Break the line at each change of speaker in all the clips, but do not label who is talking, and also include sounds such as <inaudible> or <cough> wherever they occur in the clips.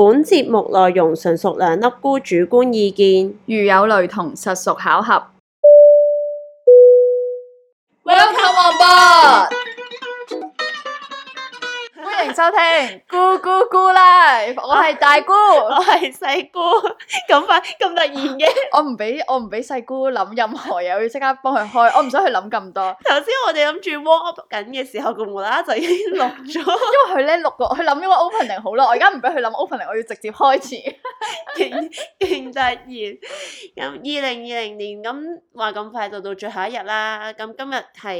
本節目內容純屬兩粒菇主觀意見，如有雷同，實屬
巧合。Welcome on board. 收聽姑姑姑啦，我係大姑， <laughs> 我係細姑，咁快咁突然嘅，我唔俾我唔俾細姑諗任何嘢，我要即刻幫佢開，我唔想去諗咁多。頭先 <laughs> 我哋諗住 work 緊嘅時候，佢無啦啦就已經錄咗， <laughs> 因為佢咧錄個佢諗咗個 opening 好耐，我而家唔俾佢諗 opening，我要直接開始，勁 <laughs> 勁突然咁二零二零
年，咁話咁快就到最後一日啦。咁今日係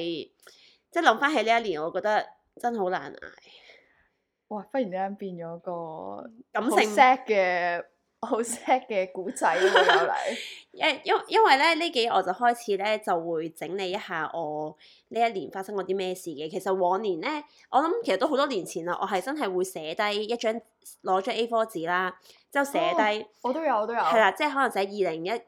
即係諗翻起呢一年，我覺得真好難捱。
哇！忽然之間變咗個感性 sad 嘅好 sad 嘅古仔咁樣嚟。 <laughs> <laughs> 因
因為咧呢幾日我就開始咧就會整理一下我呢一年發生過啲咩事嘅。其實往年咧，我諗其實都好多年前啦，我係真係會寫低一張，攞張 A4 紙啦，之後寫低、哦，
我都有我都有，係啦，即
係可能寫二零一二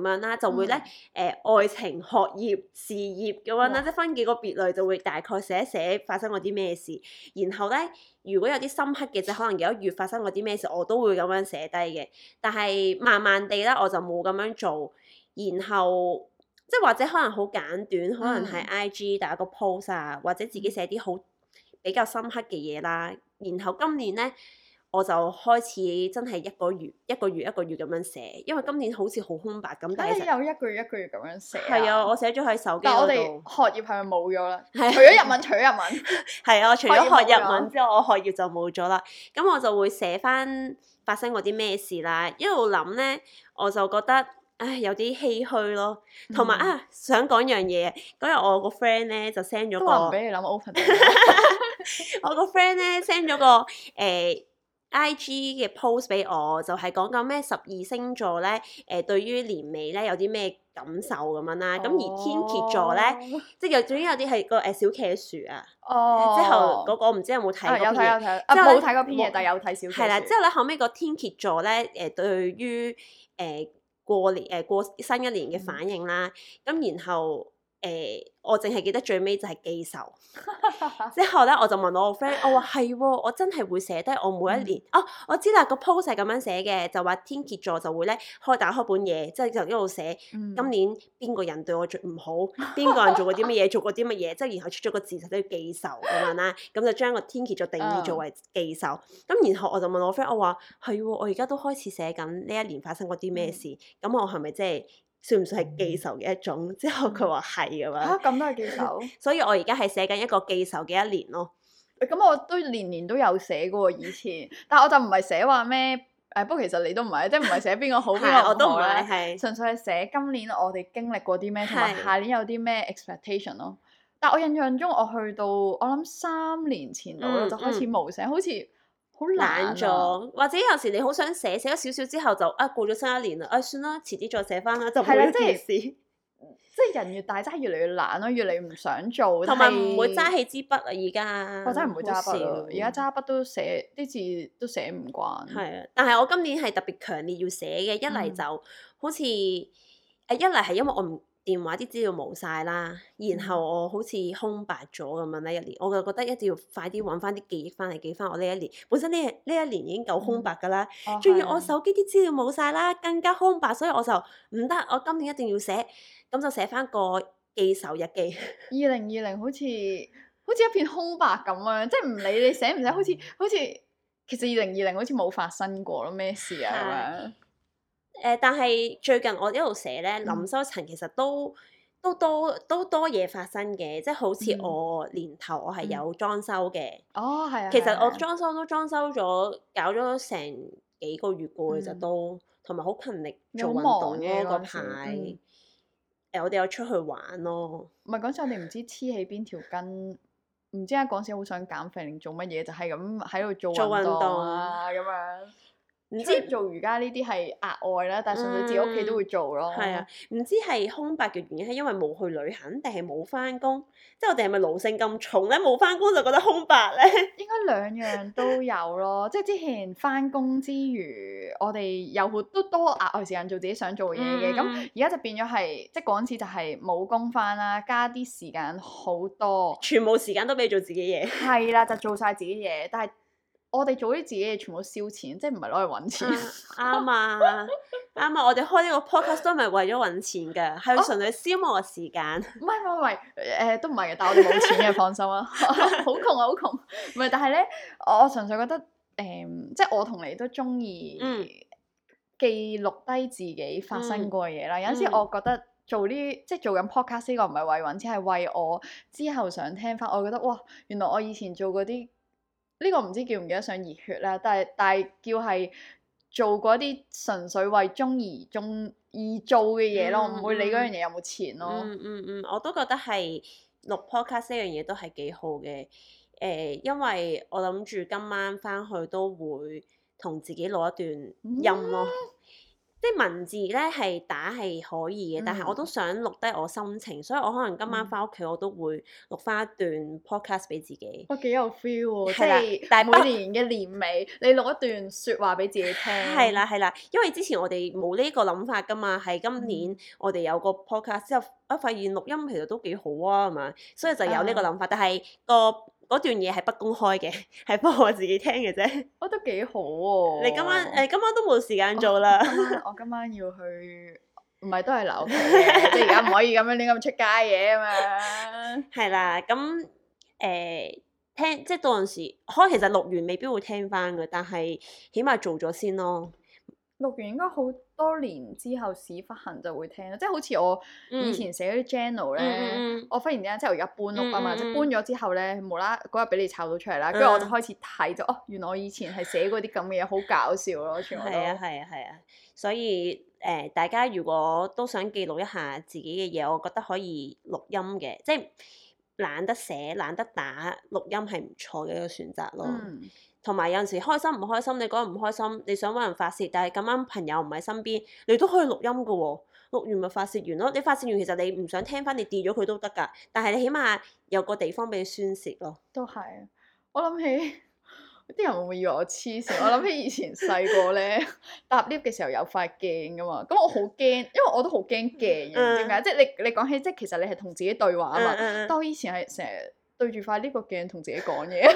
年咁樣啦，就會咧誒、嗯呃、愛情、學業事業嘅話啦，哇即係分幾個別類就會大概寫一寫發生過啲咩事。然後咧如果有啲深刻嘅，即可能幾多月發生過啲咩事，我都會咁樣寫低嘅。但係慢慢地咧，我就冇咁樣做。然後即係或者可能好簡短，可能喺 IG 打個 post 啊，或者自己寫啲好比較深刻嘅嘢啦。然後今年呢，我就開始真係一,一個月一個月一個月咁樣寫，因為今年好似好空白咁。但係有
一個月一個月咁樣寫、啊？係啊，我
寫咗喺手機。但係我哋
學業係咪冇咗咧？除咗日文， <laughs> 除咗
日文係 <laughs> <laughs> 啊，除咗學,學日文之後，我學業就冇咗啦。咁我就會寫翻發生過啲咩事啦。一路諗呢，我就覺得。唉，有啲唏噓咯，同埋、嗯、啊，想講樣嘢。嗰日我個 friend 咧就 send 咗個，唔好俾你諗 open <laughs> <laughs> 我個 friend 咧 send 咗個誒、欸、IG 嘅 post 俾我，就係講緊咩十二星座咧誒，對於年尾咧有啲咩感受咁樣啦。咁、哦、而天蠍座咧，即、就、係、是、有總、哦、之有啲係個誒小騎樹啊。
哦。之後嗰
個唔知有冇睇過片，嘢，即係冇睇過篇嘢，但有睇小騎樹。係啦，之後咧後尾個天蠍座咧誒，對於誒。欸欸欸過年誒過新一年嘅反應啦，咁、嗯、然後。誒、欸，我淨係記得最尾就係記仇，之後咧我就問我個 friend，我話係喎，我真係會寫低我每一年。哦、嗯啊，我知啦，個 post 係咁樣寫嘅，就話天蠍座就會咧開打開本嘢，即係就一路寫今年邊個人對我最唔好，邊個人做過啲乜嘢，做過啲乜嘢，即係 <laughs> 然後出咗個字都要記仇咁樣啦，咁、嗯嗯嗯、就將個天蠍座定義作為記仇。咁然後我就問我 friend，我話係喎，我而家、哦、都開始寫緊呢一年發生過啲咩事，咁我係咪即係？算唔算係記仇嘅一種？之後佢話係咁樣。嚇，
咁都係記仇。 <laughs>
所以我而家係寫緊一個記
仇嘅一年咯。咁、嗯、我都年年都有寫噶以前。但我就唔係寫話咩？誒、哎，不過其實你都唔係，即係唔係寫邊個好邊個唔好咧？ <laughs> 啊、純粹係寫今年我哋經歷過啲咩，同埋下年有啲咩 expectation 咯。但係我印象中，我去到我諗三年前度、嗯、就開始冇寫，嗯、好似。好懶咗、啊，或者
有時你好想寫，寫咗少少之後就啊過咗新一年啦，啊，算啦，遲啲再寫翻啦，就冇咗件事。
的即係是人越大揸越嚟越懶咯，越嚟越唔想做。同埋唔會揸起
支筆啊，而家。我真係唔會揸筆。而家
揸筆都寫，啲字都寫唔慣。係啊，
但係我今年係特別強烈要寫嘅，一嚟就、嗯、好似誒，一嚟係因為我唔。電話啲資料冇晒啦，然後我好似空白咗咁樣呢一年，我就覺得一定要快啲揾翻啲記憶翻嚟記翻我呢一年。本身呢呢一年已經夠空白噶啦，仲要、嗯哦、我手機啲資料冇晒啦，更加空白，所以我就唔得，我今年一定要寫，咁就寫翻個記仇日記。
二零二零好似好似一片空白咁樣，即係唔理你寫唔寫，好似好似其實二零二零好似冇發生過咯，咩事啊，啊
誒，但係最近我一路寫咧，嗯、林修塵其實都都多都多嘢發生嘅，嗯、即係好似我年頭我係有裝修嘅、
嗯，哦係啊，其實我裝
修都裝修咗，搞咗成幾個月過、嗯，去，就都同埋好勤力做運動嘅嗰排，誒、嗯，
我哋有出去玩咯，唔係嗰陣我哋唔知黐喺邊條筋，唔知啊，嗰陣好想減肥定做乜嘢，就係咁喺度做做運動啊咁樣。唔知做瑜伽呢啲係額外啦，但係純粹自己屋企都會做咯。係、嗯、啊，唔知
係空白嘅原因係因為冇去旅行，定係冇翻工？即係我哋係咪勞性咁重咧？冇翻工就覺得空白
咧。應該兩樣都有咯， <laughs> 即係之前翻工之餘，我哋有好多都多額外時間做自己想做嘅嘢嘅。咁而家就變咗係，即係講似就係冇工翻啦，加啲時間好多，全部時間都俾做自己嘢。係啦、啊，就做晒自己嘢，但係。我哋做啲自己嘢，全部燒錢，即係唔係攞嚟揾錢。
啱啊、嗯，啱啊！我哋開呢個 podcast 都唔係為咗揾錢嘅，係純粹消磨時間。
唔係唔係誒，都唔係嘅，但係我哋冇錢嘅，放心 <laughs> 窮啊。好窮啊，好窮！唔係，但係呢，我純粹覺得，誒、嗯，即、就、係、是、我同你都中意記錄低自己發生過嘅嘢啦。嗯、有陣時我覺得做呢，即、就、係、是、做緊 podcast 呢個唔係為揾錢，係為我之後想聽翻。我覺得哇，原來我以前做嗰啲。呢個唔知叫唔記得上熱血啦，但係但係叫係做過一啲純粹為中而中而做嘅嘢咯，我唔、嗯、會理嗰樣嘢有冇錢咯、嗯。嗯嗯
嗯，我都覺得係錄 podcast 呢樣嘢都係幾好嘅。誒、呃，因為我諗住今晚翻去都會同自己錄一段音咯。嗯啊即係文字咧係打係可以嘅，但係我都想錄低我心情，嗯、所以我可能今晚翻屋企我都會錄翻一段 podcast 俾自己。哇，
幾有 feel 喎！即係每年嘅年尾，你錄一段説話俾自己聽。係
啦係啦，因為之前我哋冇呢個諗法噶嘛，係今年我哋有個 podcast 之後，一發現錄音其實都幾好啊，係嘛，所以就有呢個諗法，啊、但係、個。嗰段嘢係不公開嘅，係幫我自己聽嘅啫。
我覺得幾好喎，啊！你今晚誒今晚都冇時間做啦。我今晚要去，唔係都係留。即係而家唔可以咁樣亂咁出街嘢啊嘛。係啦，咁誒
聽即係當時，可能其實錄完未必會聽翻嘅，但係起碼做咗
先咯。錄完應該好多年之後屎忽痕就會聽咯，即係好似我以前寫啲 journal 咧，嗯、我忽然之間即係而家搬屋啊嘛，嗯、即搬咗之後咧，無啦嗰日俾你抄到出嚟啦，跟住、嗯、我就開始睇咗，嗯、哦，原來我以前係寫過啲咁嘅嘢，好搞笑咯，全部都。係啊係啊係啊，
所以誒、呃，大家如果都想記錄一下自己嘅嘢，我覺得可以錄音嘅，即係懶得寫、懶得打，錄音係唔錯嘅一個選擇咯。嗯同埋有陣時開心唔開心，你嗰日唔開心，你想揾人發泄，但係咁啱朋友唔喺身邊，你都可以錄音噶喎、哦，錄完咪發泄完咯。你發泄完其實你唔想聽翻，你跌咗佢都得噶。但係你起碼有個地方俾你宣泄咯、
哦。都係，我諗起啲人會唔會以為我黐線？ <laughs> 我諗起以前細個咧，搭 lift 嘅時候有塊鏡噶嘛，咁我好驚，因為我都好驚鏡。點解、嗯嗯？即係你你講起即係其實你係同自己對話啊嘛。嗯嗯、但我以前係成日對住塊呢個鏡同自己講嘢。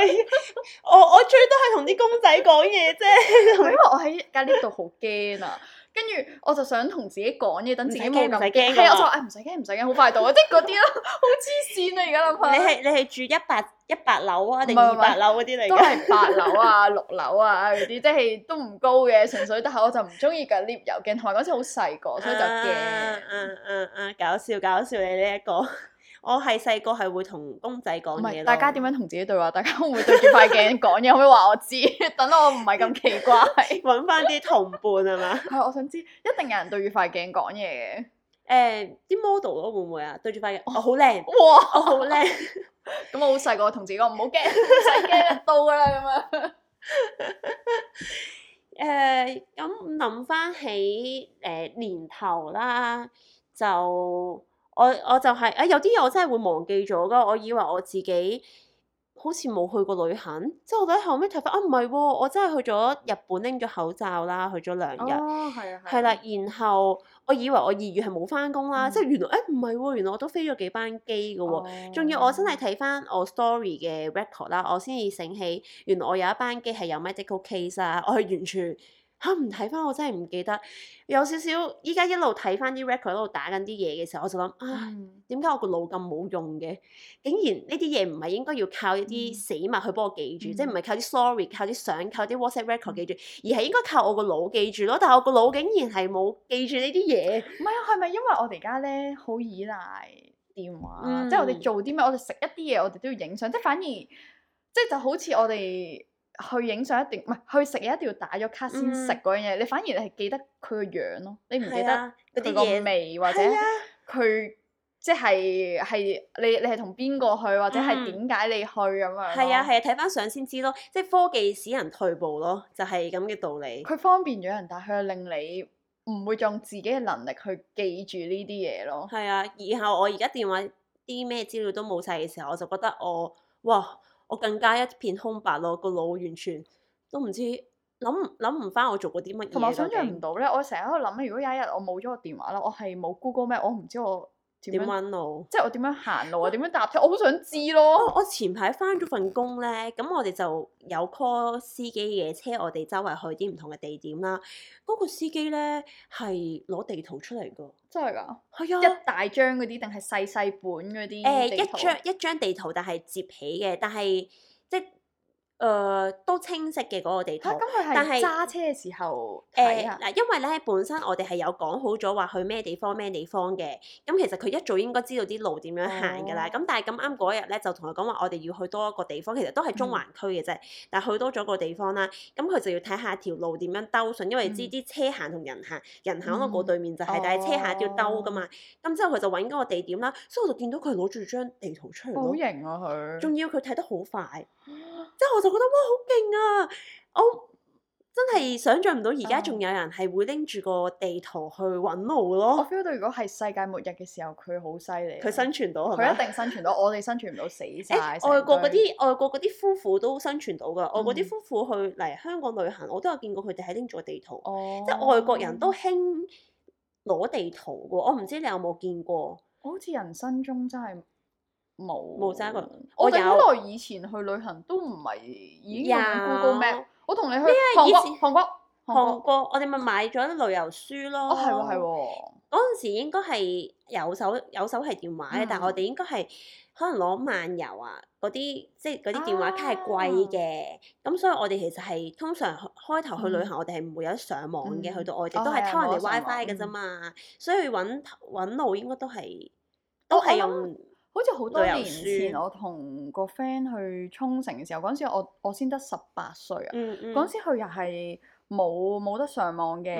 <laughs> 我我最多係同啲公仔講嘢啫， <laughs> 因為我喺 𨋢 度好驚啊，跟住我就想同自己講嘢，等自己冇咁驚。係啊，我話誒唔使驚，唔使驚，好快到啊！即係嗰啲咯，好黐線啊！而家諗下。你係
你係住一百一百樓啊，定二百樓嗰啲嚟？都係八樓啊、
六樓啊嗰啲，即係 <laughs> 都唔、啊啊、高嘅，純粹得係我就唔中意架 𨋢 有鏡，同埋嗰陣時好細個，所以就驚。嗯嗯嗯搞
笑搞笑，搞笑搞笑搞笑你呢、這、一個？我係細個係會同
公仔講嘢，大家點樣同自己對話？大家會唔會對住塊鏡講嘢？可唔可以話我知？ <laughs> 等我唔係咁奇怪，搵翻啲同伴係嘛？係， <laughs> 我想知，一定有人對住塊鏡講嘢嘅。誒、呃，啲 model 咯會唔會啊？對住塊鏡，好靚，哇，好靚、
哦。咁哇 <laughs> 我好細個同自己講唔好驚，唔使驚啦， <laughs> 到啦咁樣。誒、 <laughs> uh,，咁諗翻起誒年頭啦，就。我我就係、是、啊、哎，有啲嘢我真係會忘記咗噶，我以為我自己好似冇去過旅行，即係我喺後尾睇翻啊，唔係喎，我真係去咗日本拎咗口罩啦，去咗兩日，係啦、哦，的然後我以為我二月係冇翻工啦，嗯、即係原來誒唔係喎，原來我都飛咗幾班機噶喎，仲、哦、要我真係睇翻我 story 嘅 record 啦，我先至醒起，原來我有一班機係有 medical case 啊，我係完全。嚇唔睇翻，我真係唔記得。有少少依家一路睇翻啲 record，喺度打緊啲嘢嘅時候，我就諗啊，點解我個腦咁冇用嘅？竟然呢啲嘢唔係應該要靠一啲死物去幫我記住，嗯、即係唔係靠啲 sorry，靠啲相、靠啲 WhatsApp record 記住，嗯、而係應該靠我個腦記住咯。但係我個腦竟然係冇記住呢啲嘢。
唔係啊，係咪因為我哋而家咧好依賴電話？嗯、即係我哋做啲咩，我哋食一啲嘢，我哋都要影相，即係反而即係就好似我哋。去影相一定唔係，去食嘢一定要打咗卡先食嗰樣嘢，嗯、你反而係記得佢個樣咯，你唔記得佢個、啊、味，或者佢即係係你你係同邊個去或者係點解你去咁樣？係啊，係啊，睇
翻相先知咯，即係科技使人退步咯，就係咁嘅道理。佢
方便咗人，但係佢又令你唔會用自己嘅能力去記住呢啲嘢咯。
係啊，然後我而家電話啲咩資料都冇晒嘅時候，我就覺得我哇～我更加一片空白咯，個腦完全都唔知，諗諗唔返我做過啲乜嘢。同埋我想象唔
到咧，我成日喺度諗，如果有一日我冇咗個電話啦，我係冇 Google 咩，我唔知我。點溫路？即係我點樣行路啊？點樣搭車？我好想知咯！
我前排翻咗份工咧，咁我哋就有 call 司機嘅車，我哋周圍去啲唔同嘅地點啦。嗰、嗰個司機咧係攞地圖出嚟噶，
真係噶，係呀，一大張嗰啲定係細細本嗰啲？誒、呃，一張
一張地圖，但係接起嘅，但係。誒都清晰嘅嗰個地圖，但係揸
車嘅時候誒
嗱，因為咧本身我哋係有講好咗話去咩地方咩地方嘅，咁其實佢一早應該知道啲路點樣行㗎啦。咁但係咁啱嗰日咧就同佢講話，我哋要去多一個地方，其實都係中環區嘅啫，但係去多咗個地方啦。咁佢就要睇下條路點樣兜順，因為知啲車行同人行，人行嗰個對面就係，但係車行都要兜㗎嘛。咁之後佢就揾嗰個地點啦，所以我就見到佢攞住張地圖出嚟，好型啊佢！仲要佢睇得好快，即係我就。我覺得哇，好勁啊！我真係想象唔到，而家仲有人係會拎住個地圖去揾路咯。我 feel
到，如果係世界末日嘅時候，佢好犀利，佢生
存到係咪，佢一定
生存到。我哋生存唔到，死晒、欸堆。外國嗰啲
外國嗰啲夫婦都生存到噶。外國啲夫婦去嚟香港旅行，我都有見過佢哋係拎住個地圖。
哦，即係外國人都
興攞地
圖噶。我唔知你有冇見過？我好似人生中真係。冇，冇揸過。我哋好耐以前去旅行都唔係已經用 Google Map。我同你去韓國，韓國，韓國，我哋咪買咗啲旅遊書咯。哦，係喎，係喎。嗰陣
時應該係有手有手係電話嘅，但係我哋應該係可能攞漫遊啊嗰啲，即係嗰啲電話卡係貴嘅。咁所以我哋其實係通常開頭去旅行，我哋係唔會有得上網嘅。去到外地都係偷人哋 WiFi 嘅啫嘛。所以揾揾路應該都係都係用。
好似好多年前，我同個 friend 去沖繩嘅時候，嗰陣時我我先得十八歲啊。嗰陣、嗯嗯、時佢又係冇冇得上網嘅，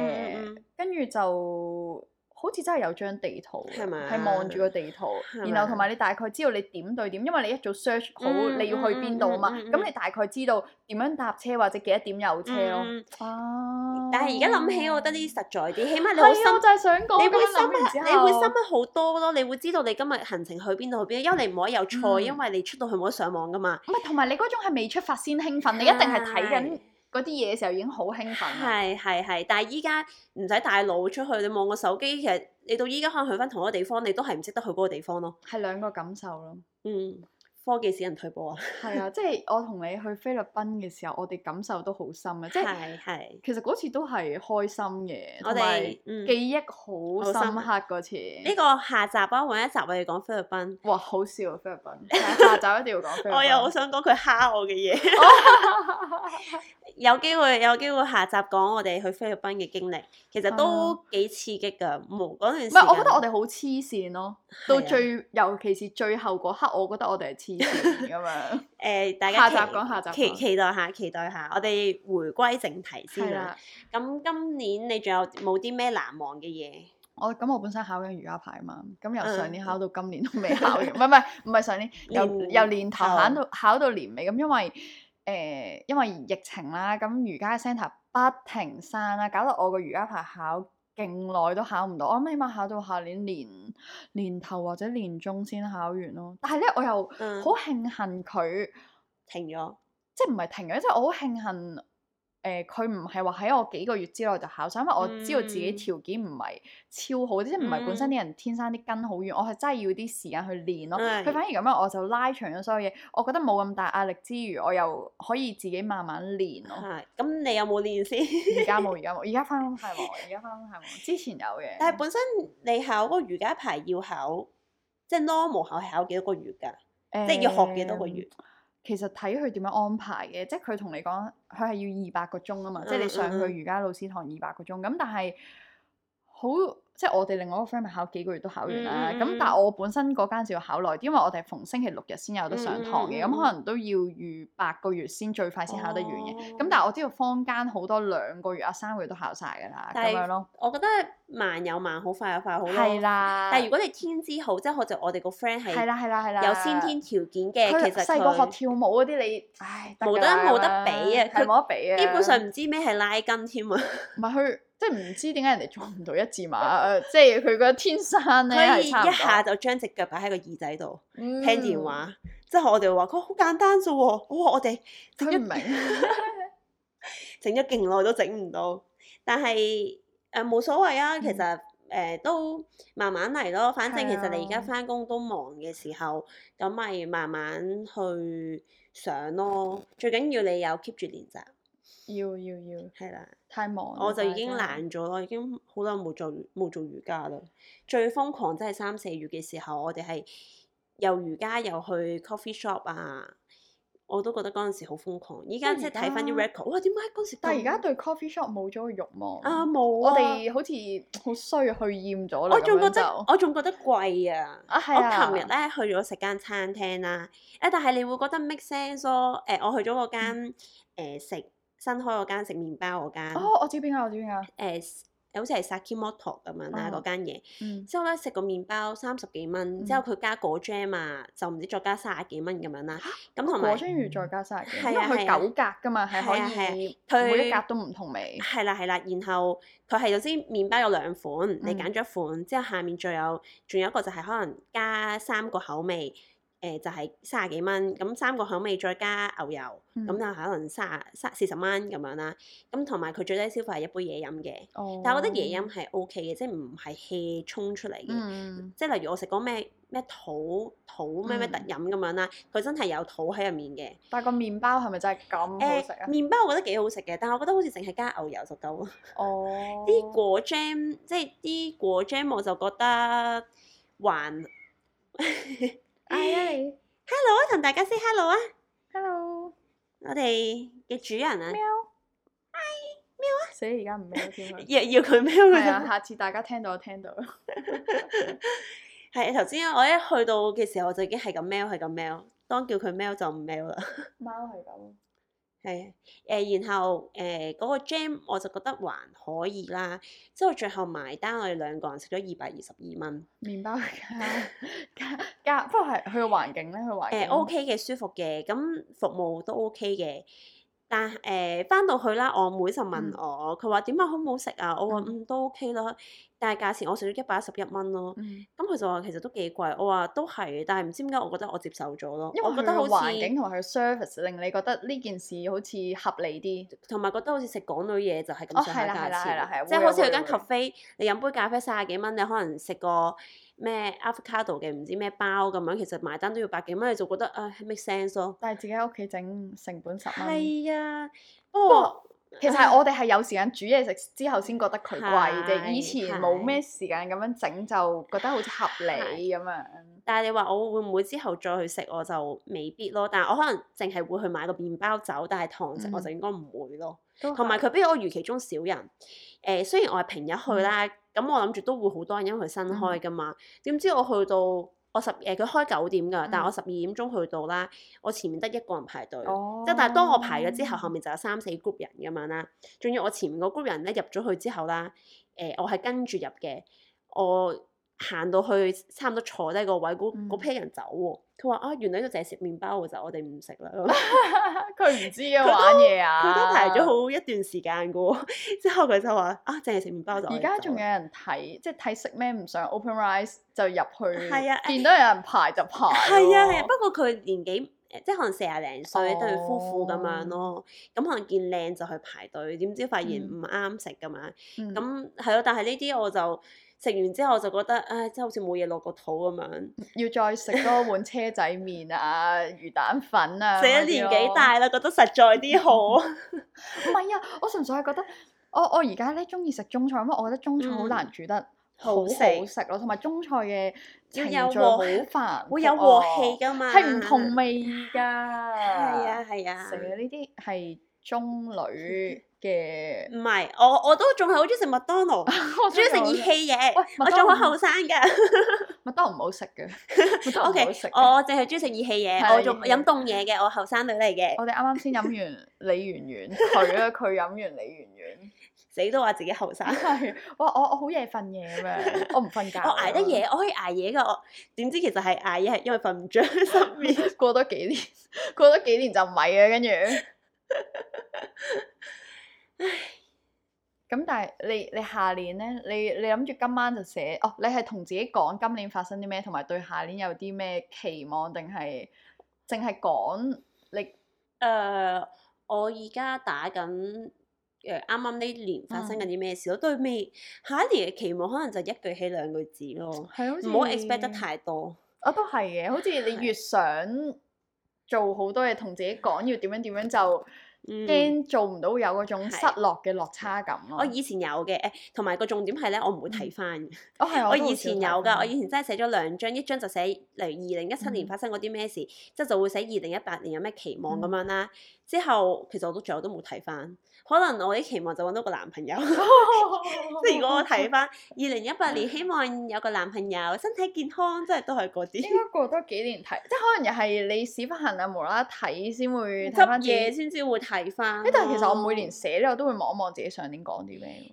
跟住、嗯嗯、就好似真係有張地圖，係望住個地圖，是是然後同埋你大概知道你點對點，因為你一早 search 好你要去邊度啊嘛，咁、嗯嗯嗯嗯嗯、你大概知道點樣搭車或者幾多點有車咯。嗯嗯啊但係而家諗起，我覺得呢啲
實在啲，起碼你，心就想你會心，
想你會心，你會心，你會心
得好多咯。你會知道你今日行程去邊度去邊，因為你唔可以有錯，嗯、因為你出到去冇得上網㗎嘛。唔係、嗯，
同埋你嗰種係未出發先興奮，是你一定係睇緊嗰啲嘢嘅時候已經好興
奮。係係係，但係依家唔使帶腦出去，你望個手機，其實你到依家可能去返同一個地方，你都係唔識得去嗰個地方咯。係兩個感受咯。嗯。
科技使人退步啊！係 <laughs> 啊，即係我同你去菲律賓嘅時候，我哋感受都好深啊！即係，其實嗰次都係開心嘅，我哋、嗯、記憶好深刻
嗰次。呢、嗯呢個下集啊，下一集我哋講菲律賓。哇，好笑啊！菲律賓 <laughs> 下集一定要講菲律賓。 <laughs> 我又好想講佢蝦我嘅嘢。 <laughs> <laughs> 有機會，有機會下集講我哋去菲律賓嘅經歷，其實都幾刺激噶。冇嗰段時間，唔我覺得我哋
好黐線咯。到最，尤其是最後嗰刻，我覺得我哋係黐線咁
樣。誒， <laughs> 大家期下集講下集期，期期待下，期待下。我哋回歸正題先啦。咁的今年你仲有冇啲咩難忘嘅嘢？
我咁我本身考緊瑜伽牌啊嘛，咁由上年考到今年都未考完。唔係唔係唔係上年，由由年頭考到考到年尾咁，因為。誒、呃，因為疫情啦，咁瑜伽嘅 centre 不停刪啦、啊，搞到我個瑜伽牌考勁耐都考唔到，我諗起碼考到下年年年頭或者年中先考完咯。但係咧，我又好慶幸佢、嗯、停咗，即係唔係停咗，即係我好慶幸。誒，佢唔係話喺我幾個月之內就考曬，因為我知道自己條件唔係超好，即係唔係本身啲人天生啲筋好軟，我係真係要啲時間去練咯。佢是反而咁樣，我就拉長咗所有嘢。我覺得冇咁大壓力之餘，我又可以自己慢慢練咯。咁你有冇練先？而家冇，而家冇，而家翻工太忙，而家翻工太忙。之前有嘅。但係本身
你考嗰個瑜伽牌要考，即係 normal 考考幾多個月㗎？嗯、即係要學幾多個
月？其實睇佢點樣安排嘅，即係佢同你講，佢係要二百個鐘啊嘛，即係你上佢瑜伽老師堂二百個鐘，咁但係好。即係我哋另外一個 friend 咪考幾個月都考完啦，咁但係我本身嗰間就要考耐啲，因為我哋逢星期六日先有得上堂嘅，咁可能都要預八個月先最快先考得完嘅。咁但係我知道坊間好多兩個月啊、三個月都考晒㗎啦，咁樣咯。
我覺得慢有慢好，快有快好。係啦，但係如果你天資好，即係好似我哋個 friend 係，係啦係
啦係啦，有先天
條件嘅，其實佢細個學
跳舞嗰啲你，唉，
冇得冇得比啊，佢冇得比啊，基本上唔知咩係拉筋添啊。唔
係佢。即係唔知點解人哋做唔到一字馬， <laughs> 即係佢
個天生咧可以一下就將隻腳擺喺個耳仔度、嗯、聽電話，即係我哋話佢好簡單啫喎。我哋整唔明，整咗勁耐都整唔到。但係誒冇所謂啊，嗯、其實誒、呃、都慢慢嚟咯。反正其實你而家翻工都忙嘅時候，咁咪慢慢去上咯。最緊要你有 keep 住練習。
要要要，係啦，太忙，我就已經懶
咗咯，是已經好耐冇做冇做瑜伽啦。最瘋狂真係三四月嘅時候，我哋係又瑜伽又去 coffee shop 啊，我都覺得嗰陣時好瘋狂。依家即係睇翻啲 record，哇！點
解嗰時但係而家對 coffee shop 冇咗個欲望啊，冇、啊、我哋好似好衰去厭咗啦。我仲覺得
我仲覺得貴啊。啊啊我琴日咧去咗食間餐廳啦，啊！但係你會覺得 make sense 咯、啊。誒、 <noise> 呃，我去咗嗰間食。 <noise> 新開嗰間食麵包嗰間，哦，oh，我
知邊間、啊，我知邊間。
誒，好似係 Sakimoto 咁樣啦，嗰間嘢。嗯、之後咧食個麵包三十幾蚊，嗯、之後佢加果醬啊，就唔知再加卅幾蚊咁樣啦。咁同埋果醬要再
加卅幾？因為啊，佢九格噶嘛，係可以，每一格
都唔同味。係啦係啦，然後佢係有啲麵包有兩款，你揀咗一款，之、嗯、後下面仲有，仲有一個就係可能加三個口味。誒就係三十幾蚊，咁三個口味再加牛油，咁、嗯、就可能三三十四十蚊咁樣啦。咁同埋佢最低消費係一杯嘢飲嘅，哦、但係我覺得嘢飲係 O K 嘅，即係唔係氣沖
出嚟嘅。
嗯、即係例如我食過咩咩土土咩咩特飲咁樣啦，佢、嗯、真係有土喺入面嘅。
但係個麵包係咪真係咁好食啊、欸？麵
包我覺得幾好食嘅，但係我覺得好似淨係加牛油就夠。哦，啲 <laughs> 果 jam 即係啲果 jam 我就覺得還。 <laughs> 哎 Hi，hello 啊，同
大家 say hello 啊
，hello，我哋嘅主人啊，喵，
哎，喵啊，所以而
家唔喵先。啊， <laughs> 要佢喵佢就，
下次大家聽到就聽到，
係 <laughs> 啊， <laughs> 頭先我一去到嘅時候我就已經係咁喵係咁喵，當叫佢喵就唔喵啦，
貓係咁。
係，誒、呃，然後誒，嗰、呃那個 jam 我就覺得還可以啦，之後最後埋單，我哋兩個人食咗二百二十二蚊，
麵包加 <laughs> 加，加，加，加，不過係佢嘅環境咧，佢環境誒、呃、OK
嘅，舒服嘅，咁服務都 OK 嘅。但係翻到去啦，我妹就問我，佢話點解好唔好食啊？我話嗯都 OK 咯，但係價錢我食咗一百一十一蚊咯。咁佢就話其實都幾貴，我話都係，但係唔知點解我覺得我接受咗咯。因為我覺得好似環境
同係 service 令你覺得呢件事好似合理啲，同埋覺得好似食港女嘢就係咁上下價錢，即係好似佢間
咖啡，你飲杯咖啡卅幾蚊，你可能食個。咩 avocado 嘅唔知咩包咁樣，其實埋單都要百幾蚊，你就覺得啊、哎、
make sense 咯。但係自己喺屋企整成本十蚊。係啊，不過、嗯、其實我哋係有時間煮嘢食之後先覺得佢貴啫，是以前冇咩時間咁樣整就覺得好似合理咁樣。
但係你話我會唔會之後再去食，我就未必咯，但係我可能淨係會去買個麵包走，但係堂食我就應該唔會咯。同埋佢比我預期中少人，誒、呃、雖然我係平日去啦。嗯咁我諗住都會好多人，因為佢新開噶嘛。點、嗯、知我去到我十誒佢、呃、開九點噶，嗯、但我十二點鐘去到啦。我前面得一個人排隊，即係、哦、但係當我排咗之後，後面就有三四 group 人咁樣啦。仲要我前面個 group 人咧入咗去之後啦，誒我係跟住入嘅，我。我行到去，差唔多坐低個位，嗰嗰、嗯、批人走喎。佢話：啊，原來佢淨係食麪包嘅，就我哋唔食啦。
佢 <laughs> 唔 <laughs> 知嘅玩嘢啊！佢都，、啊、都排咗好一段時間嘅之後佢就話：啊，淨係食麪包就。而家仲有人睇，即係睇食咩唔想 Open Rice 就入去。係啊，見到有人排就排，啊。係啊係啊，啊，不過佢年紀。
即係可能四廿零歲對夫婦咁樣咯，咁可能見靚就去排隊，點知發現唔啱食咁樣，咁係咯，但係呢啲我就食完之後我就覺得，唉，即係好似冇嘢落個肚咁樣，
要再食多碗車仔麵啊、 <laughs> 魚蛋粉啊，食一年幾大
啦， <laughs> 覺得實在啲好。
唔係啊，我純粹係覺得，我我而家咧中意食中菜，因為我覺得中菜好難煮得。 <laughs> 好好食咯，同埋中菜嘅要有好煩，會有鑊氣噶嘛，係唔同味噶。係啊係啊。食呢啲係中女嘅。唔係，我我都仲係好中意食麥當勞，我中意食熱氣嘢。我仲好後生㗎。麥當勞唔好食嘅
，O K，我淨係中意食熱氣嘢，我仲飲凍嘢嘅，我後生女嚟嘅。我
哋啱啱先飲完李圓
圓，佢啊佢飲完李圓圓。死都話自己後生、 <laughs> 哦，
我我我好夜瞓嘅咁樣，我唔瞓覺，
<laughs> 我捱得夜，我可以捱夜嘅我。點知其實係捱夜係因為瞓唔着。失眠。過多幾
年，過多幾年就唔係嘅，跟住。 <laughs> <laughs> 咁但係你你下年咧，你你諗住今晚就寫哦？你係同自己講今年發生啲咩，同埋對下年有啲咩期望，定係淨係講你？
誒、uh，我而家打緊。誒，啱啱呢年發生緊啲咩事，嗯、我都未下一年嘅期望，可能就一句起兩句字咯，唔好 expect 得
太多。我都係嘅，好似你越想做好多嘢，同自己講要點樣點樣，就驚做唔到，有嗰種失落嘅落差感、啊嗯。我以前
有嘅誒，同埋個重點係咧，我唔會睇翻。我、哦、係 <laughs> 我以前有㗎，嗯、我以前真係寫咗兩張，一張就寫例如二零一七年發生過啲咩事，即係、嗯、就，就會寫二零一八年有咩期望咁、嗯、樣啦。之後其實我都最後都冇睇翻。可能我啲期望就揾到個男， <laughs> 個男朋友，即係如果我睇翻二零一八年，希望有
個男朋友身體健康，即係都係嗰啲。應該過多幾年睇，即係可能又係你屎忽痕啊，無啦啦睇先會執嘢先至會睇翻。誒、哎，但係其實我每年寫咧，我都會望一望自己上年講啲咩。 <laughs>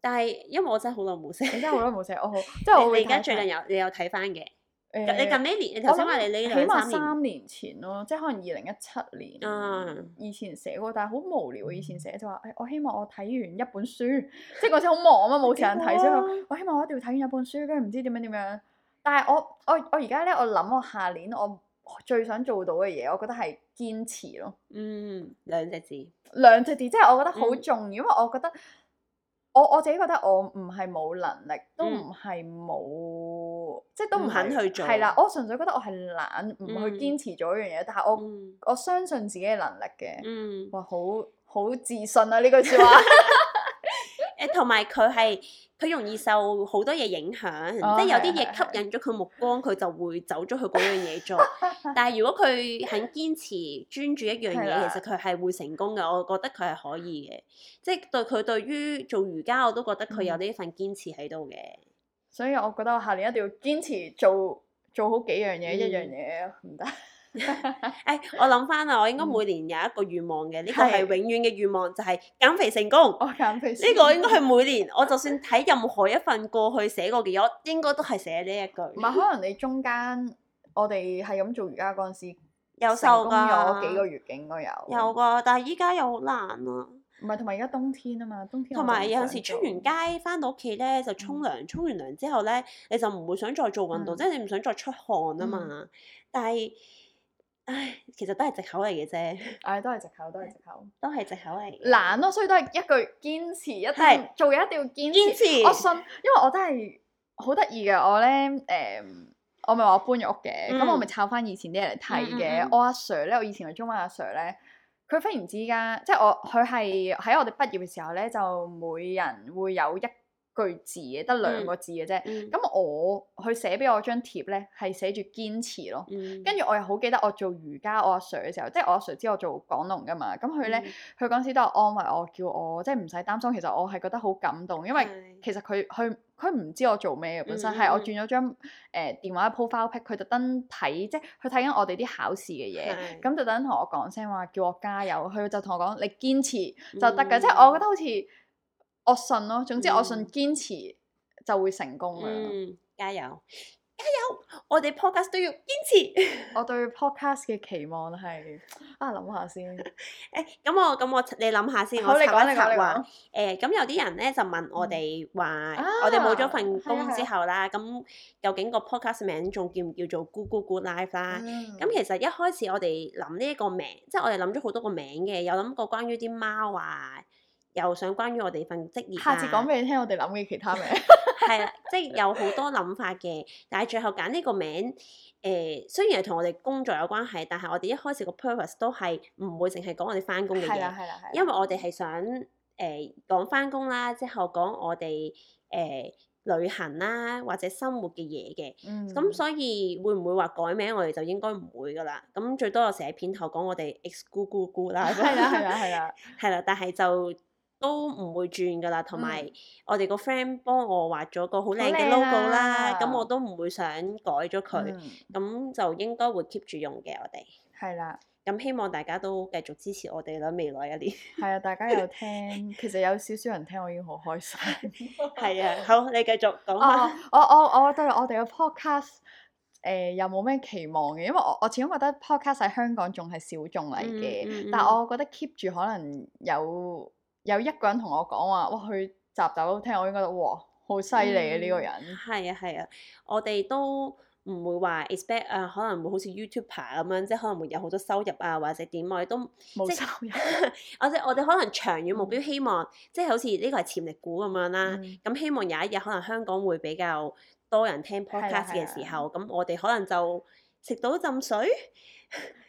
但
係因為我真係好耐冇寫，真係好耐
冇寫，我好 <laughs> 你即係我會看看。而家最
近有你有睇翻嘅？欸、你近呢年，我諗係你呢起碼三
年前咯，即係可能二零一七年。嗯，以前寫過，但係好無聊。以前寫就話，誒、哎，我希望我睇完一本書，即係嗰時好忙啊，冇時間睇，之後我希望我一定要睇完一本書，跟住唔知點樣點樣。但係我我我而家咧，我諗我，我，我下年我最想做到嘅嘢，我覺得係堅持咯。嗯，兩隻字，兩隻字，即、就、係、是、我覺得好重要，嗯、因為我覺得我我自己覺得我唔係冇能力，都唔係冇。嗯即係都唔肯去做，係啦。我純粹覺得我係懶，唔去堅持咗一樣嘢。但係我我相信自己嘅能力嘅，我好好自信啊！呢句說話。
誒，同埋佢係佢容易受好多嘢影響，即係有啲嘢吸引咗佢目光，佢就會走咗去嗰樣嘢做。但係如果佢肯堅持專注一樣嘢，其實佢係會成功㗎。我覺得佢係可以嘅。即係對佢對於做瑜伽，我都覺得佢有呢一份堅持喺度嘅。
所以我覺得我下年一定要堅持做做好幾樣嘢，嗯、一樣嘢唔得。誒、 <laughs>
哎，我諗翻啦，我應該每年有一個願望嘅，呢、嗯、個係永遠嘅願望，就係、是、減肥成功。我、哦、減肥。呢個應該係每年，我就算睇任何一份過去寫過嘅嘢，我應該都係寫呢一句。唔係，可
能你中間， <laughs> 我哋係咁做瑜伽嗰陣時，有瘦咗幾個月，應該有。有㗎，但係依家又好難啊。唔係，同埋而家冬天啊嘛，冬天同埋有陣時出
完街翻到屋企咧，就沖涼，沖完涼之後咧，你就唔會想再做運動，即係你唔想再出汗啊嘛。但係，唉，其實都係藉口嚟嘅啫。唉，都係藉口，都係藉口，都係藉口嚟。
懶咯，所以都係一句堅持，一定做嘢一定要堅持，堅持。我信，因為我都係好得意嘅，我咧誒，我咪話我搬咗屋嘅，咁我咪抄翻以前啲嘢嚟睇嘅。我阿 Sir 咧，我以前嘅中文阿 Sir 咧。佢忽然之間，即係我，佢係喺我哋畢業嘅時候咧，就每人會有一句字，得兩個字嘅啫。咁、嗯、我佢寫俾我張貼咧，係寫住堅持咯。跟住、嗯、我又好記得我做瑜伽，我阿、啊、Sir 嘅時候，即係我阿、啊、Sir 知我做港龍㗎嘛。咁佢咧，佢嗰陣時都係安慰我，叫我即係唔使擔心。其實我係覺得好感動，因為其實佢佢。佢唔知我做咩嘅本身，係、嗯、我轉咗張誒、呃、電話 profile pack，佢特登睇，即係佢睇緊我哋啲考試嘅嘢，咁的就登同我講聲話，叫我加油。佢就同我講，你堅持就得㗎，嗯、即係我覺得好似我信咯。總之我信堅持就會成功啦、嗯，加油！加油！我哋 podcast 都要堅持。 <laughs> 我對 podcast 嘅期望係啊，諗下先。
誒、 <laughs> 欸，咁我咁我你諗下先，我你一你話。誒說，咁、欸、有啲人咧就問我哋話，嗯、我哋冇咗份工之後啦，咁、啊啊嗯、究竟個 podcast 名仲叫唔叫做 Good Good Good Life 啦、嗯？咁其實一開始我哋諗呢一個名，即、就、係、是、我哋諗咗好多個名嘅，有諗過關於啲貓啊。又想關於我哋份職業？下次講俾
你聽，我哋諗嘅其他名
係啦、 <laughs> <laughs> 啊，即係有好多諗法嘅。但係最後揀呢個名，誒、呃，雖然係同我哋工作有關係，但係我哋一開始個 purpose 都係唔會淨係講我哋翻工嘅嘢，啊啊啊、因為我哋係想誒講翻工啦，之後講我哋誒、呃、旅行啦，或者生活嘅嘢嘅。嗯。咁所以會唔會話改名？我哋就應該唔會噶啦。咁最多我寫喺片頭講我哋 ex 咕咕咕啦，係啦係啦係啦，係啦。但係就。都唔會轉噶啦，同埋、嗯、我哋個 friend 幫我畫咗個好靚嘅 logo 啦，咁、啊、我都唔會想改咗佢，咁、嗯、就應該會 keep 住用嘅。我哋係啦，咁希望大家都繼續支持我哋啦，未來一年。
係啊，大家有聽， <laughs> 其實有少少人聽，我已經好開心。
係 <laughs> 啊，好，你繼續講啦、
oh, oh, oh, oh。我我我對我哋嘅 podcast 誒、呃，又有冇咩期望嘅？因為我我始終覺得 podcast 喺香港仲係小眾嚟嘅，mm hmm, mm hmm. 但係我覺得 keep 住可能有。有一個人同我講話，哇！去雜誌都聽，我應該覺得，哇，好犀利啊！呢個人
係啊係啊，我哋都唔會話，expect 誒可能會好似 YouTuber 咁樣，即係可能會有好多收入啊，或者點啊，我哋都冇收入。或者、yani, 我哋可能長遠目標希望，mm. 即係好似呢個係潛力股咁樣啦。咁、mm. 希望有一日可能香港會比較多人聽 podcast 嘅時候，咁、啊啊、我哋可能就食到浸水。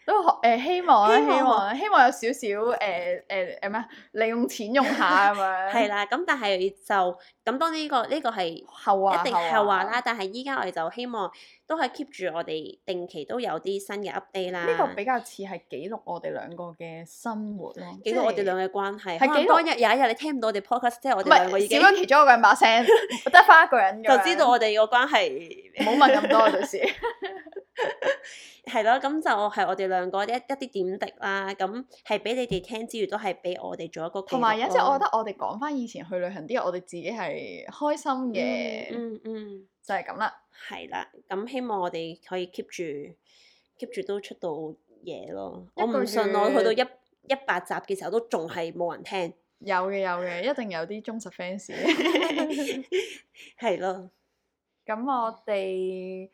都誒希望啦，希望啦，希
望有少少誒，誒，誒，咩？利用錢用下咁樣，係啦，
咁但係就咁，當然呢個呢
個係後話，一定後話啦。但
係依家我哋就希望都係 keep 住我哋定期都有啲新嘅 update 啦。呢個比
較似係記錄我哋兩個嘅生活咯，記錄我哋兩嘅關係，係當日有一日你
聽唔到我哋 podcast，即係我哋兩個已經，其中一個人把聲，得翻一個人就知道我
哋個關係，唔好問咁多，到時，
係咯，咁就係我哋兩。兩個一一啲點滴啦、啊，咁係俾你哋聽之餘，都係俾我哋做一個、啊。同埋有即係，我覺得我
哋講返以前去旅行啲，我哋自己係開心嘅、嗯。嗯嗯，就係咁啦。係啦，
咁希望我哋可以 keep 住，keep 住都出到嘢咯。句我唔信我去到一
一百集嘅時候都仲係冇人聽。有嘅有嘅，一定有啲忠實 fans。係 <laughs> 咯 <laughs> 的，咁我哋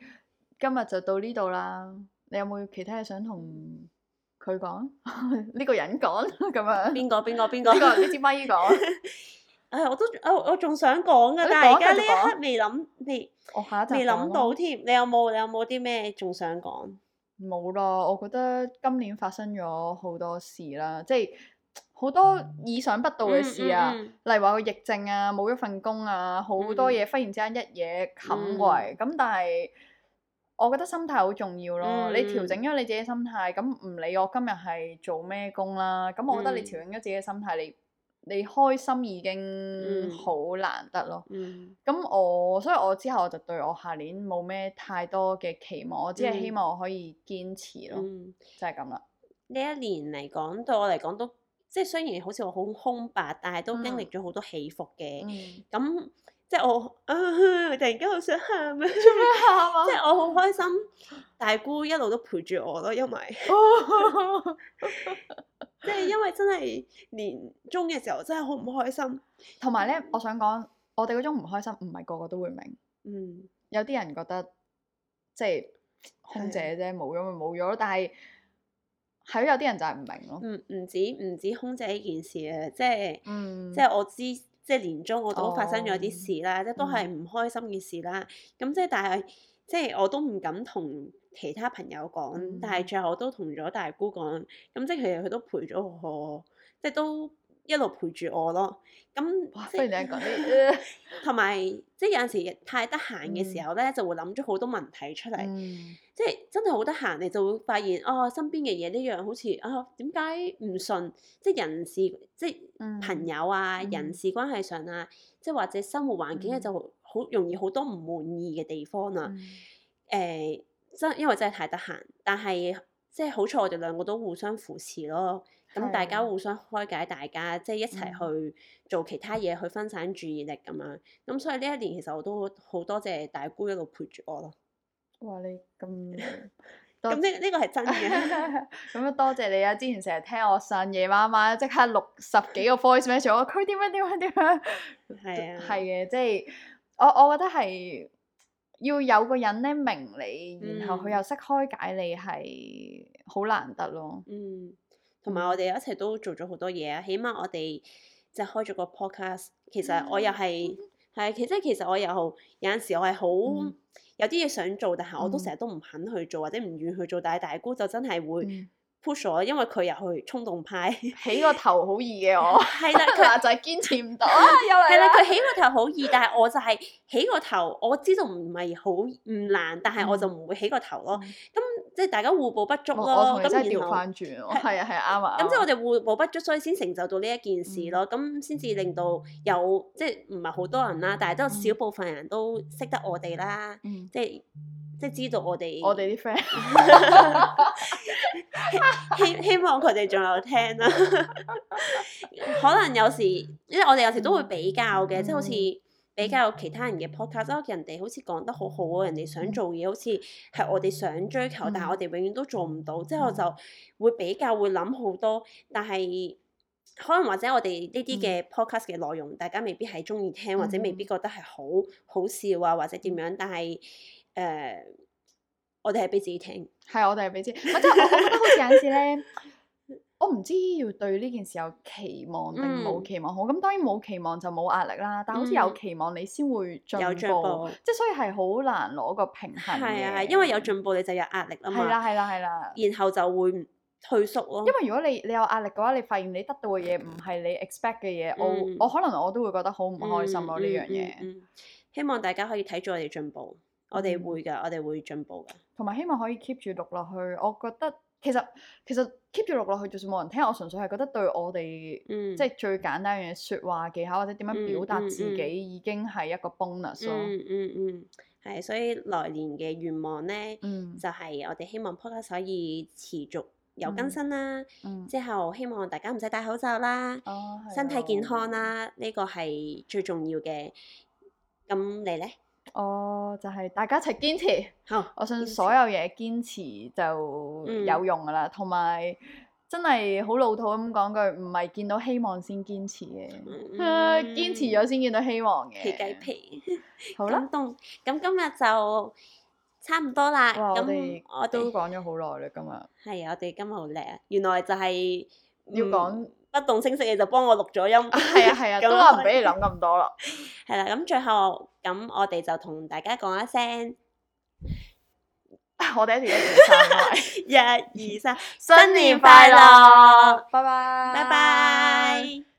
今日就到呢度啦。你有冇其他嘢想同佢講？呢 <laughs> 個人講咁
<laughs> 樣？邊個？邊個？邊個？呢支咪講？誒，我都我我仲想講噶、啊，但係而家呢一刻未諗未，我下未諗、啊、到添。你有冇你有冇啲咩仲想講？
冇啦，我覺得今年發生咗好多事啦，即係好多意想不到嘅事啊，嗯嗯嗯、例如話個疫症啊，冇咗份工啊，好多嘢忽然之間一嘢冚過嚟咁，嗯嗯、但係。我覺得心態好重要咯，嗯、你調整咗你自己嘅心態，咁唔理我今日係做咩工啦，咁我覺得你調整咗自己嘅心態，你你開心已經好難得咯。咁、嗯嗯、我，所以我之後我就對我下年冇咩太多嘅期望，我只係希望我可以堅持咯，嗯、就係咁啦。
呢一年嚟講，對我嚟講都，即係雖然好似我好空白，但係都經歷咗好多起伏嘅，咁、嗯。嗯。即係我、啊、突然間好想喊啊！做咩喊啊？即係我好開心，大姑一路都陪住我咯，因為
<laughs> <laughs> 即係因為真係年中嘅時候真係好唔開心。同埋咧，我想講，我哋嗰種唔開心唔係個個都會明。嗯，有啲人覺得即係、就是、空姐啫，冇咗咪冇咗咯。但係喺有啲人就係唔明咯。唔唔、嗯、止唔止空姐呢件事啊！即係，嗯、即係
我知。即係年中我都發生咗啲事啦，即都係唔開心嘅事啦。咁即係但係，即係我都唔敢同其他朋友講，mm. 但係最後我都同咗大姑講。咁即係其實佢都陪咗我，即係都。一路陪住我咯，咁哇兩個同埋即係有陣時太得閒嘅時候咧，嗯、就會諗咗好多問題出嚟。嗯、即係真係好得閒，你就會發現哦，身邊嘅嘢呢樣好似啊，點解唔順？即係人事，即係朋友啊，嗯、人事關係上啊，即係或者生活環境啊，就好容易好多唔滿意嘅地方啊。誒、嗯，真、嗯、因為真係太得閒，但係即係好彩，我哋兩個都互相扶持咯。咁、嗯、大家互相開解，大家的即係一齊去做其他嘢，嗯、去分散注意力咁樣。咁所以呢一年其實我都好多謝大姑一路陪住我咯。
哇！你咁，咁呢呢個係真嘅。咁啊、 <laughs> 嗯，多謝你啊！之前成日聽我呻夜媽媽，即刻六十幾個 voice message，我話佢點樣點樣點樣。係啊。係嘅，即係我我覺得係、 <laughs> 嗯、 <laughs> 要有個人咧明你，然後佢又識開解你，係好難得咯。嗯。
同埋我哋一齊都做咗好多嘢啊！起碼我哋即係開咗個 podcast，其實我又係係，即係、嗯、其實我又有陣時我係好有啲嘢想做，但係我都成日都唔肯去做或者唔願去做，但係大姑就真係會。嗯。因為佢又去衝動派，起個頭好易嘅我。係啦，
佢就係堅持唔到。係啦，佢起個
頭好易，但係我就係起個頭，我知道唔係好唔難，但係我就唔會起個頭咯。咁即係大家互補不足咯。我同佢真係調翻轉。
係啊，係啊，啱
啊。咁即係我哋互補不足，所以先成就到呢一件事咯。咁先至令到有即係唔係好多人啦，但係都有少部分人都識得我哋啦。即係。即係知道我哋，我哋啲 friend，希希望佢哋仲有聽啦。 <laughs> 可能有時，因為我哋有時都會比較嘅，嗯、即係好似比較其他人嘅 podcast，嗯、人哋好似講得好好啊，人哋想做嘢好似係我哋想追求，嗯、但係我哋永遠都做唔到，之後、嗯、就會比較會諗好多。但係可能或者我哋呢啲嘅 podcast 嘅內容，嗯、大家未必係中意聽，或者未必覺得係好好笑啊，或者點樣，但係。
誒、uh, 啊，我哋係俾自己聽，係，我哋係俾自己。我真係，我我覺得好似有陣時咧，我唔知要對呢件事有期望定冇期望、嗯、好。咁當然冇期望就冇壓力啦，但好似有期望你先會進步，嗯、有進步即係所以係好難攞個平衡啊，嘅，
因為有進步你就有壓力啦。係啦、啊，係啦、啊，係啦、啊，然後就會
退縮咯。因為如果你你有壓力嘅話，你發現你得到嘅嘢唔係你 expect 嘅嘢，嗯、我我可能我都會覺得好唔開心咯呢樣嘢。
希望大家可以睇住我哋進步。我哋會噶，我哋會進步嘅，
同埋希望可以 keep 住錄落去。我覺得其實其實 keep 住錄落去，就算冇人聽，我純粹係覺得對我哋，嗯、即係最簡單嘅說話技巧或者點樣表達自己，已經係一個 bonus 咯、嗯。嗯嗯係、嗯嗯嗯，所以
來年嘅願望咧，嗯、就係我哋希望 Podcast 可以持續有更新啦。嗯嗯、之後希望大家唔使戴口罩啦，哦、身體健康啦，呢個係最重要嘅。咁你咧？
哦，oh, 就係大家一齊堅持，oh, 我相信所有嘢堅持就有用噶啦。同埋、嗯、真係好老土咁講句，唔係見到希望先堅持嘅，堅、嗯、 <laughs> 持咗先見到希望嘅。皮雞皮，好啦吧，咁 <laughs> 今日就
差唔多啦。咁哇我哋我們 們都講咗好耐啦，今日係我哋今日好叻啊，原來就係、是嗯、要講。不動聲色你就幫我錄咗音，係啊係啊，都話唔俾你諗咁多啦。係啦、 <laughs> 啊，咁最後咁我哋就同大家講一聲， <laughs> 我哋一齊一齊 <laughs> 三，一、二、三，新年快樂，
拜拜， <laughs> 拜拜 bye。Bye bye